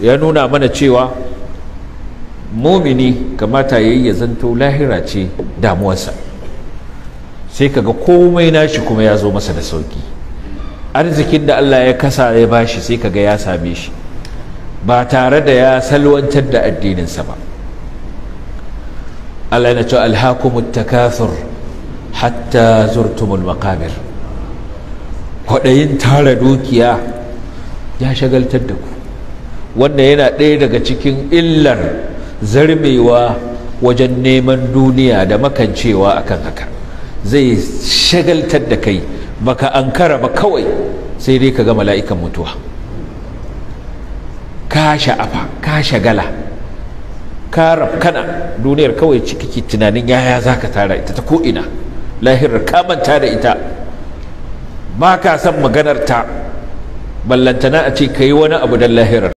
ya nuna mana cewa mumini kamata ya yi ya zanto lahira ce damuwarsa sai kaga komai nashi kuma ya zo masa da sauki arzikin da Allah ya kasa ya bashi sai kaga ya same shi ba tare da ya salwantar da addininsa ba Allah na ce alhakumut takathur hatta zurtumul maqabir kwaɗayin tara dukiya ya shagaltar da ku wannan yana ɗaya daga cikin illar zarmewa wajen neman duniya da makancewa akan haka zai shagaltar da kai baka ankara ba kawai sai dai ka ga mala'ikan mutuwa ka sha'afa ka shagala ka rafkana duniyar kawai ciki tunanin yaya za ka tara ita ta ko'ina lahirar ka manta da ita ba ka san maganar ta ballantana a ce ka yi wani abu don lahirar